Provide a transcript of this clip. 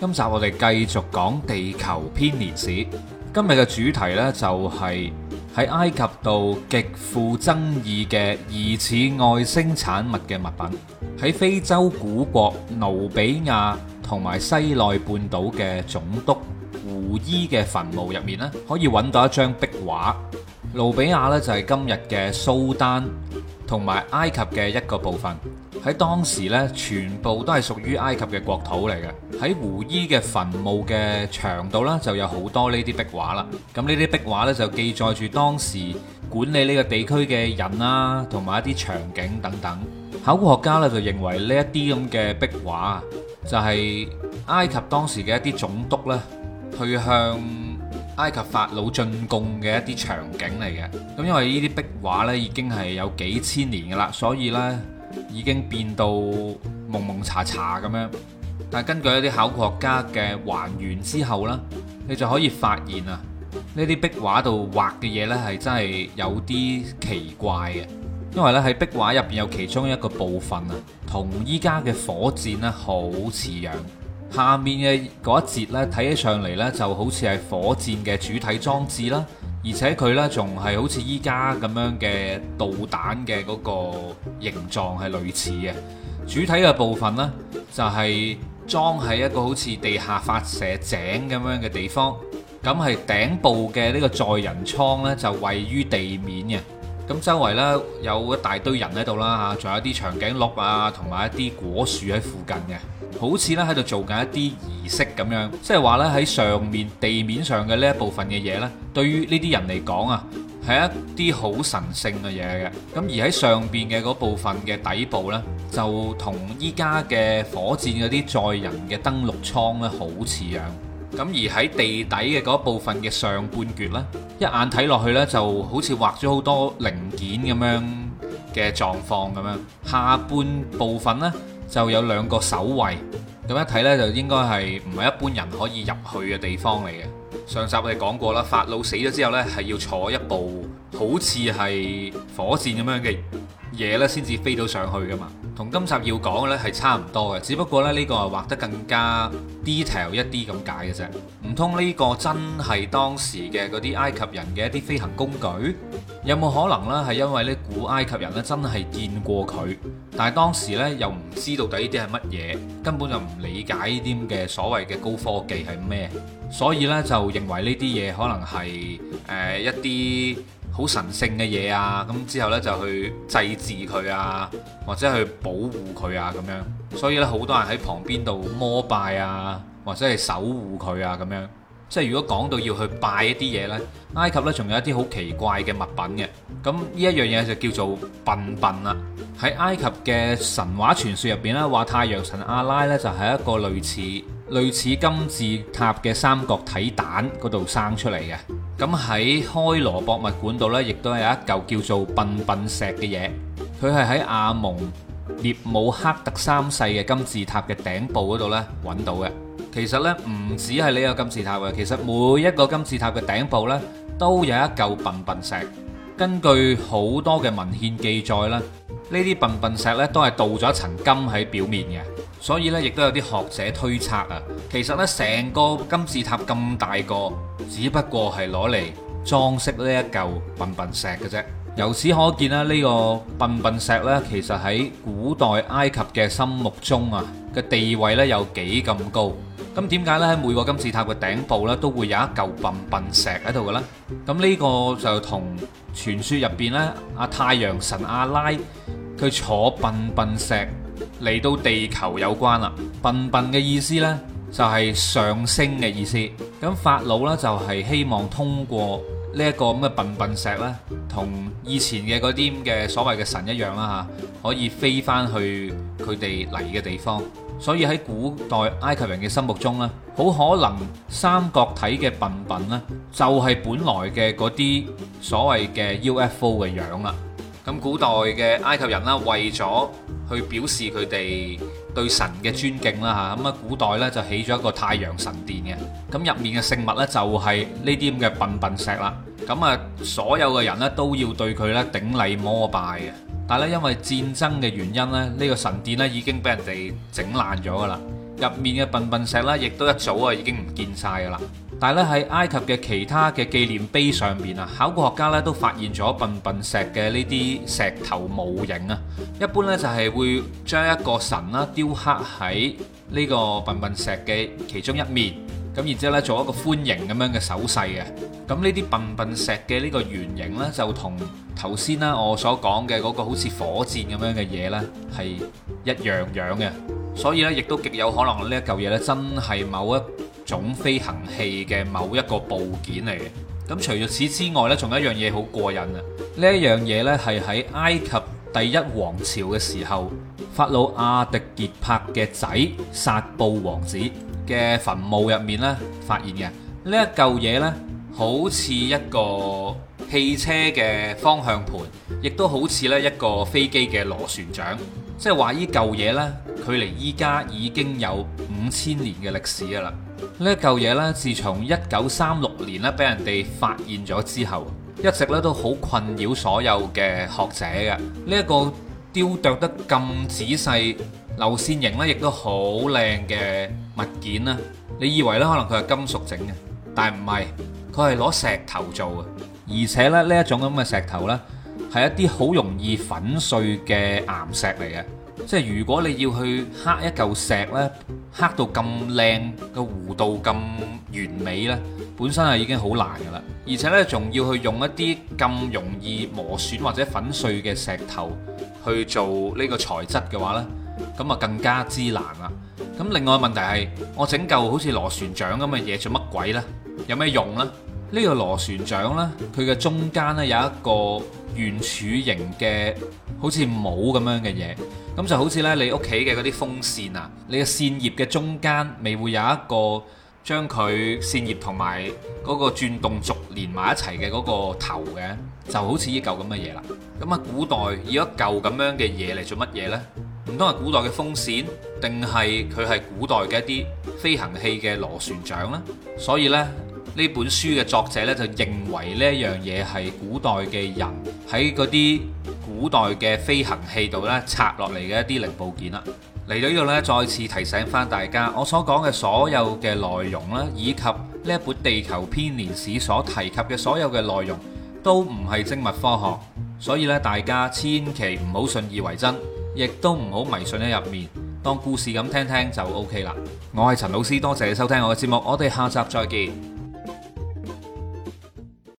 今集我哋繼續講地球編年史，今日嘅主題呢，就係喺埃及度極富爭議嘅疑似外星產物嘅物品，喺非洲古國努比亞同埋西奈半島嘅總督胡伊嘅墳墓入面呢，可以揾到一張壁畫。努比亞呢，就係今日嘅蘇丹同埋埃及嘅一個部分。喺當時呢，全部都係屬於埃及嘅國土嚟嘅。喺胡伊嘅墳墓嘅牆度呢，就有好多呢啲壁畫啦。咁呢啲壁畫呢，就記載住當時管理呢個地區嘅人啊，同埋一啲場景等等。考古學家呢，就認為呢一啲咁嘅壁畫就係埃及當時嘅一啲總督呢，去向埃及法老進貢嘅一啲場景嚟嘅。咁因為呢啲壁畫呢，已經係有幾千年㗎喇，所以呢，已經變到蒙蒙查查咁樣，但係根據一啲考古學家嘅還原之後呢，你就可以發現啊，呢啲壁畫度畫嘅嘢呢係真係有啲奇怪嘅，因為呢喺壁畫入邊有其中一個部分啊，同依家嘅火箭呢好似樣。下面嘅嗰一節呢，睇起上嚟呢就好似係火箭嘅主體裝置啦，而且佢呢仲係好似依家咁樣嘅導彈嘅嗰個形狀係類似嘅。主體嘅部分呢，就係裝喺一個好似地下發射井咁樣嘅地方，咁係頂部嘅呢個載人艙呢，就位於地面嘅。咁周圍呢，有一大堆人喺度啦嚇，仲有啲長頸鹿啊，同埋一啲果樹喺附近嘅，好似呢喺度做緊一啲儀式咁樣，即係話呢，喺上面地面上嘅呢一部分嘅嘢呢，對於呢啲人嚟講啊，係一啲好神聖嘅嘢嘅。咁而喺上邊嘅嗰部分嘅底部呢，就同依家嘅火箭嗰啲載人嘅登陸艙呢，好似樣。咁而喺地底嘅嗰部分嘅上半橛咧，一眼睇落去呢，就好似畫咗好多零件咁樣嘅狀況咁樣。下半部分呢，就有兩個守衞，咁一睇呢，就應該係唔係一般人可以入去嘅地方嚟嘅。上集我哋講過啦，法老死咗之後呢，係要坐一部好似係火箭咁樣嘅嘢呢，先至飛到上去㗎嘛。同今集要講嘅咧係差唔多嘅，只不過咧呢個係畫得更加 detail 一啲咁解嘅啫。唔通呢個真係當時嘅嗰啲埃及人嘅一啲飛行工具？有冇可能呢？係因為呢古埃及人咧真係見過佢，但係當時呢又唔知道到底呢啲係乜嘢，根本就唔理解呢啲嘅所謂嘅高科技係咩，所以呢，就認為呢啲嘢可能係誒、呃、一啲。好神聖嘅嘢啊！咁之後呢，就去祭祀佢啊，或者去保護佢啊咁樣。所以呢，好多人喺旁邊度膜拜啊，或者係守護佢啊咁樣。即係如果講到要去拜一啲嘢呢，埃及呢仲有一啲好奇怪嘅物品嘅。咁呢一樣嘢就叫做笨笨啦。喺埃及嘅神話傳説入邊呢，話太陽神阿拉呢，就係一個類似類似金字塔嘅三角體蛋嗰度生出嚟嘅。咁喺開羅博物館度呢，亦都有一嚿叫做笨笨石嘅嘢，佢係喺阿蒙涅姆克特三世嘅金字塔嘅頂部嗰度呢揾到嘅。其實呢，唔止係呢個金字塔嘅，其實每一個金字塔嘅頂部呢，都有一嚿笨笨石。根據好多嘅文獻記載咧。呢啲笨笨石咧，都係鍍咗一層金喺表面嘅，所以咧，亦都有啲學者推測啊，其實咧，成個金字塔咁大個，只不過係攞嚟裝飾呢一嚿笨笨石嘅啫。由此可見咧，呢個笨笨石咧，其實喺古代埃及嘅心目中啊，嘅地位咧，有幾咁高。咁點解咧，喺每個金字塔嘅頂部咧，都會有一嚿笨笨石喺度嘅咧？咁呢個就同傳說入邊咧，阿太陽神阿拉。佢坐笨笨石嚟到地球有關啦，笨笨嘅意思呢，就係上升嘅意思。咁法老呢，就係希望通過呢一個咁嘅笨笨石呢，同以前嘅嗰啲咁嘅所謂嘅神一樣啦嚇，可以飛返去佢哋嚟嘅地方。所以喺古代埃及人嘅心目中呢，好可能三角體嘅笨笨呢，就係本來嘅嗰啲所謂嘅 UFO 嘅樣啦。咁古代嘅埃及人啦，為咗去表示佢哋對神嘅尊敬啦嚇，咁啊古代咧就起咗一個太陽神殿嘅，咁入面嘅聖物咧就係呢啲咁嘅笨笨石啦，咁啊所有嘅人咧都要對佢咧頂禮膜拜嘅，但係咧因為戰爭嘅原因咧，呢、這個神殿咧已經俾人哋整爛咗噶啦，入面嘅笨笨石咧亦都一早啊已經唔見晒噶啦。但係咧喺埃及嘅其他嘅紀念碑上面啊，考古學家咧都發現咗笨笨石嘅呢啲石頭模型啊。一般咧就係會將一個神啦雕刻喺呢個笨笨石嘅其中一面，咁然之後咧做一個歡迎咁樣嘅手勢嘅。咁呢啲笨笨石嘅呢個圓形咧就同頭先啦我所講嘅嗰個好似火箭咁樣嘅嘢咧係一樣樣嘅，所以咧亦都極有可能呢一嚿嘢咧真係某一。種飛行器嘅某一個部件嚟嘅。咁除咗此之外呢仲有一樣嘢好過癮啊！呢一樣嘢呢係喺埃及第一王朝嘅時候，法老阿迪傑帕嘅仔薩布王子嘅墳墓入面呢發現嘅。呢一嚿嘢呢，好似一個汽車嘅方向盤，亦都好似呢一個飛機嘅螺旋槳，即係話呢嚿嘢呢，距離依家已經有五千年嘅歷史㗎喇。呢一舊嘢呢，自從一九三六年咧俾人哋發現咗之後，一直咧都好困擾所有嘅學者嘅。呢一個雕琢得咁仔細、流線型呢亦都好靚嘅物件咧。你以為呢可能佢係金屬整嘅，但係唔係，佢係攞石頭做嘅，而且咧呢一種咁嘅石頭呢，係一啲好容易粉碎嘅岩石嚟嘅。即係如果你要去刻一嚿石咧，刻到咁靚個弧度咁完美咧，本身係已經好難噶啦，而且咧仲要去用一啲咁容易磨損或者粉碎嘅石頭去做呢個材質嘅話咧，咁啊更加之難啦。咁另外問題係，我整嚿好似螺旋槳咁嘅嘢做乜鬼咧？有咩用咧？呢個螺旋槳咧，佢嘅中間咧有一個圓柱形嘅。好似冇咁樣嘅嘢，咁就好似呢，你屋企嘅嗰啲風扇啊，你嘅扇葉嘅中間未會有一個將佢扇葉同埋嗰個轉動軸連埋一齊嘅嗰個頭嘅，就好似依嚿咁嘅嘢啦。咁啊，古代以一嚿咁樣嘅嘢嚟做乜嘢呢？唔通係古代嘅風扇，定係佢係古代嘅一啲飛行器嘅螺旋槳呢？所以呢。呢本書嘅作者咧就認為呢一樣嘢係古代嘅人喺嗰啲古代嘅飛行器度咧拆落嚟嘅一啲零部件啦。嚟到呢度咧，再次提醒翻大家，我所講嘅所有嘅內容啦，以及呢一本《地球編年史》所提及嘅所有嘅內容，都唔係精密科學，所以咧大家千祈唔好信以為真，亦都唔好迷信喺入面，當故事咁聽聽就 OK 啦。我係陳老師，多謝你收聽我嘅節目，我哋下集再見。